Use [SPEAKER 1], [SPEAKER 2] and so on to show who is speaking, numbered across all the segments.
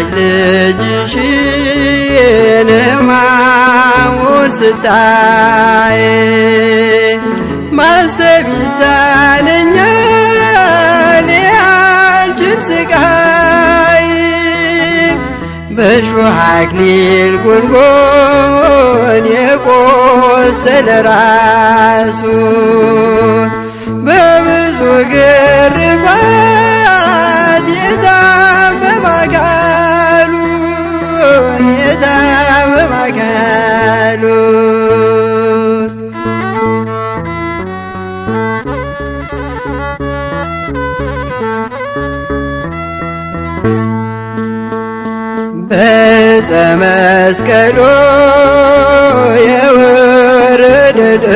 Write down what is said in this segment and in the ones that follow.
[SPEAKER 1] ወዳጅ ልጅሽ ሕማሙን ስታይ ማሰብ ይሳነኛል ያንቺን ስቃይ በእሾህ አክሊል ጎንጎን የቆሰለ ራሱ በብዙ ግርፋት የታመመ አካል ተሰቀሉት። በዕፀ መስቀሉ የወረደ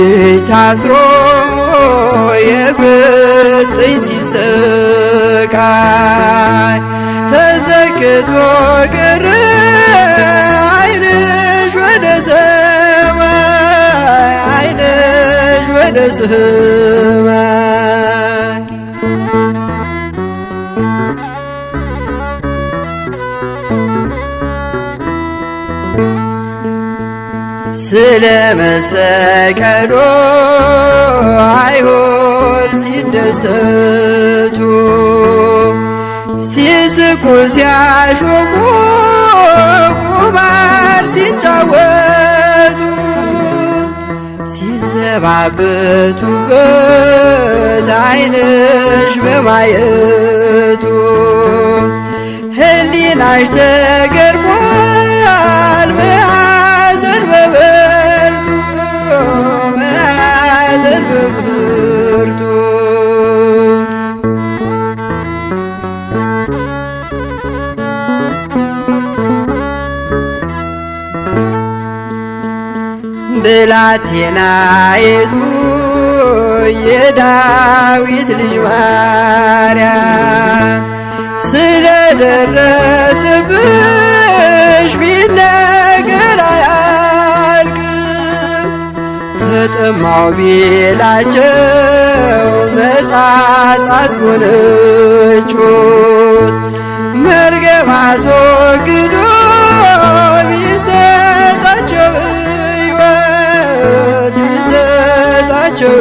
[SPEAKER 1] ልጅ ታዝሮ የፍጥኝ ሲሰቃይ ተዘግቶ ቀረ ዓይንሽ ወደ ሰማይ ዓይንሽ ወደ ሰማይ ስለመሰቀሉ አይሁድ ሲደሰቱ ሲስቁ ሲያሾፉ ቁማር ሲጫወቱ ሲዘባበቱበት አይንሽ በማየቱ ህሊናሽ ተገ ብላቴናይቱ የዳዊት ልጅ ማርያም ስለደረስብሽ ቢነገር አያልቅም። ተጠማው ቢላቸው መጻጻ አስጎነጩት መርገም አስወግዶ ቢሰ ናቸው።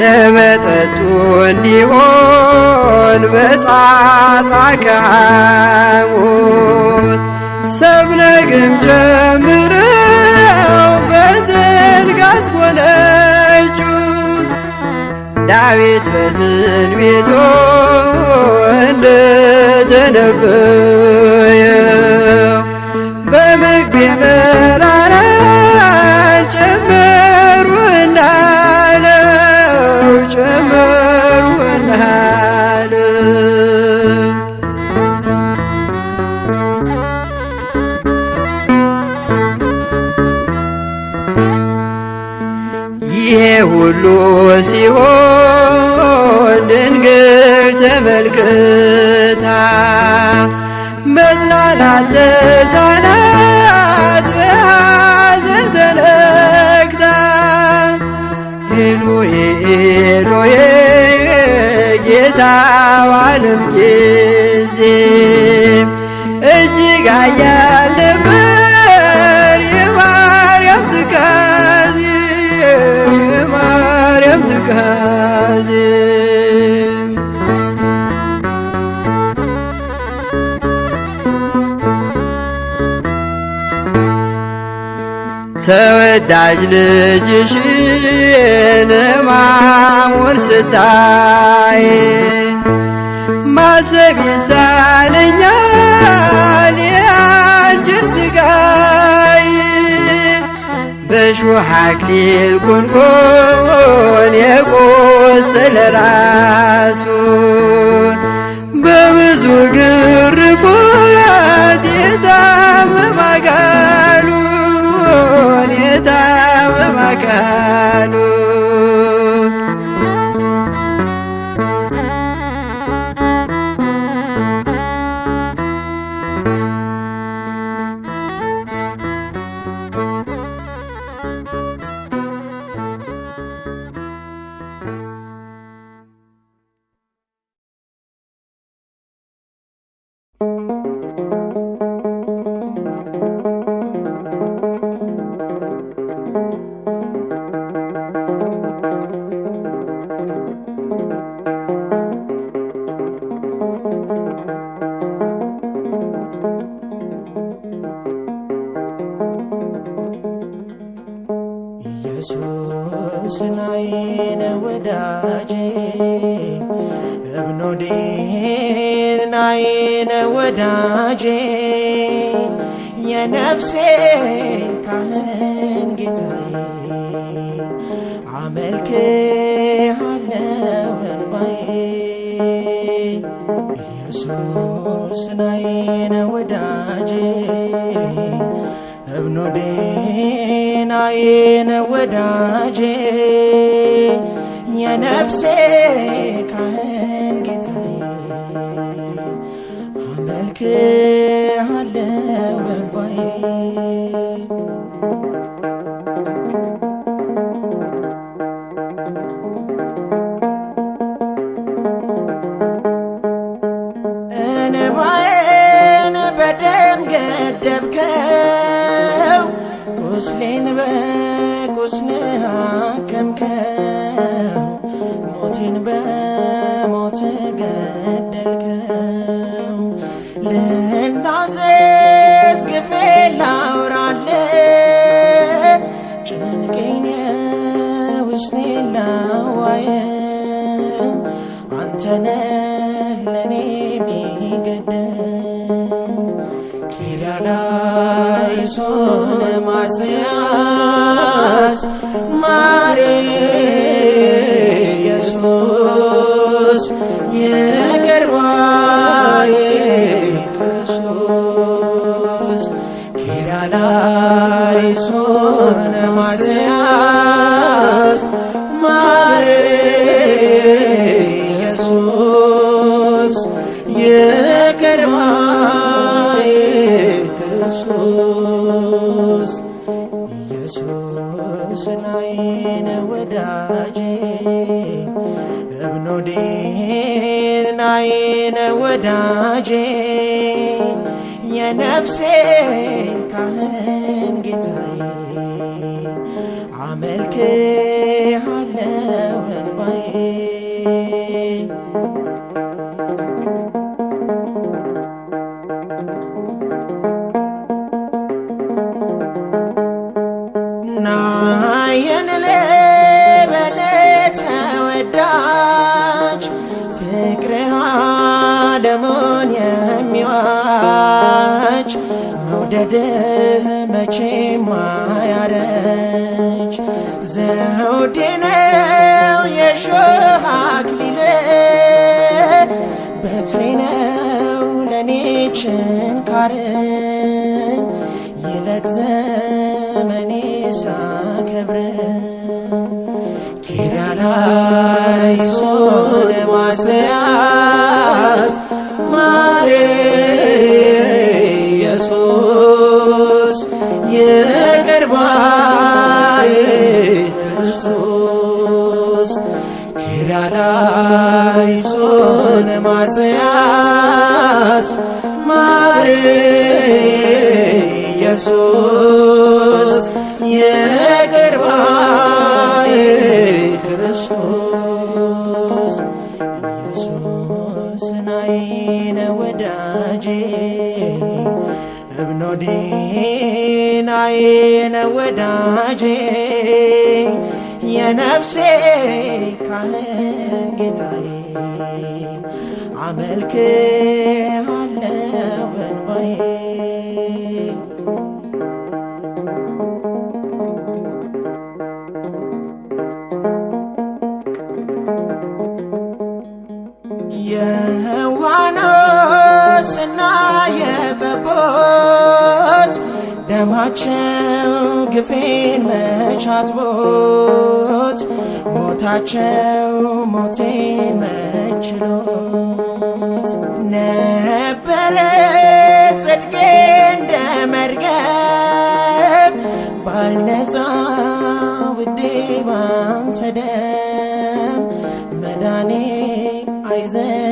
[SPEAKER 1] ለመጠጡ እንዲሆን በጻጻ ከሐሞት ሰብለ ግም ጀምረው በዘንግ አስጎነው ዳዊት በትንቢቱ እንደተነበየው መራራን መራራ እናለው ነው እናለው ሁሉ ሲሆን ድንግል ተመልክታ መጽናናት ተሳናት በሐዘን ተነክታ ኤሎሄ ኤሎሄ ጌታ ዋለም ጊዜ እጅግ አያለበ ከዚህ ተወዳጅ ልጅሽ ማሙን ስታይ ማሰብ ይሳነኛል ያንቺን ስጋይ የሾህ አክሊል ጉንጉን የቆሰለ ራሱን በብዙ ግርፋት የታመመ አካሉን የታመመ አካሉን ነው ወዳጄ የነፍሴ ካህን ጌታዬ አመልክሃለው ገባዬ እንባዬን በደም ቁስሌን በ ቅዱስ ነህ አከምከው ሞቴን በሞት ገደልከው። ልናዘዝ ግፌ ላውራለ ጭንቄን ውስጤ ላዋየ አንተ ለእኔ የሚገድል ፓራዳይሶን ማስያስ ማሪ ኢየሱስ የገርባዬ ክርስቶስ ኪራዳይሶን ማስያስ ወዳጄ የነፍሴ ካህን ጌታዬ አመልክሃለሁ መውደድህ መቼም አያረጅ ዘውዴ ነው የሾህ አክሊል በትሬ ነው ለእኔ ችንካር ይለቅ ዘመኔ ሳከብር ዮን ማስያስ ኢየሱስ يا نفسي كان قطعي عملك على ونوي يا وانا سنايا تفوق ደማቸው ግፌን መቻትቦት ሞታቸው ሞቴን መችሎት ነበረ ጽድቄ እንደ መርገም ባልነዛ ውዴ ባንተ ደም መዳኔ አይዘን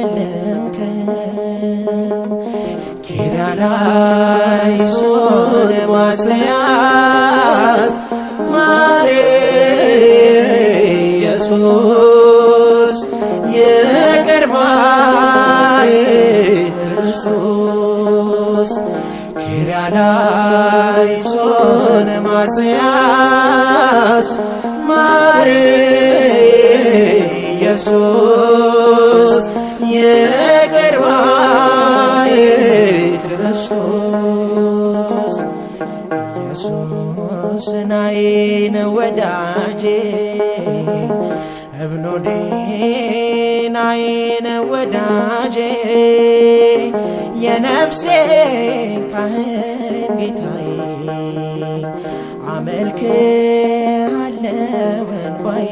[SPEAKER 1] ላይ ሶን ማሰያስ ማሬ ኢየሱስ የቀርባይ ክርስቶስ ኬራ ላይ ሶን ማሬ ኢየሱስ የቀርባይ ኢየሱስ ኢየሱስ ናይን ወዳጄ እብኖዴ ናይን ወዳጄ የነፍሴ ካህን ጌታዬ አመልክ አለወንባዬ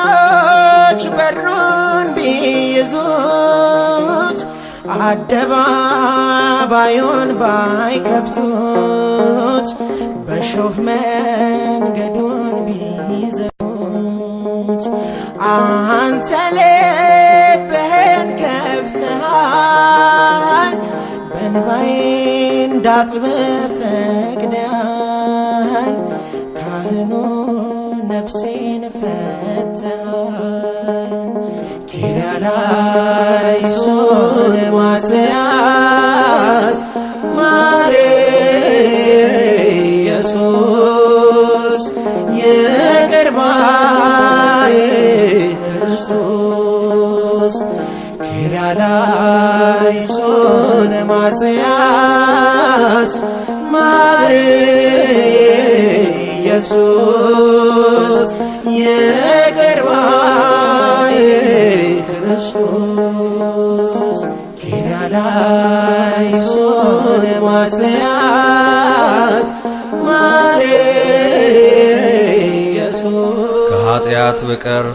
[SPEAKER 1] ቀኖች በሩን ቢይዙት አደባባዩን ባይከፍቱት በሾህ መንገዱን ቢይዘት አንተ ልብህን ከፍተሃል በንባይ እንዳጥበ ፈቅደሃል ካህኑ ልቤን ፈተን ኪዳ ላይ ሶን ማሬ ኢየሱስ ክርስቶስ ማሬ ኢየሱስ የቀርባዬ ክርስቶስ ኪዳ ላይ ሶን ማስያስ ማሬ ከኃጢአት በቀር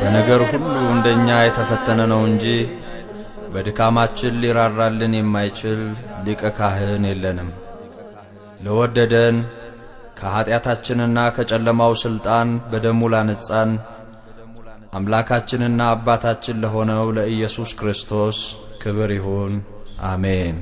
[SPEAKER 1] በነገር ሁሉ እንደኛ የተፈተነ ነው እንጂ በድካማችን ሊራራልን የማይችል ሊቀ ካህን የለንም። ለወደደን ከኀጢአታችንና ከጨለማው ሥልጣን በደሙ ላነጻን አምላካችንና አባታችን ለሆነው ለኢየሱስ ክርስቶስ ክብር ይሁን። አሜን።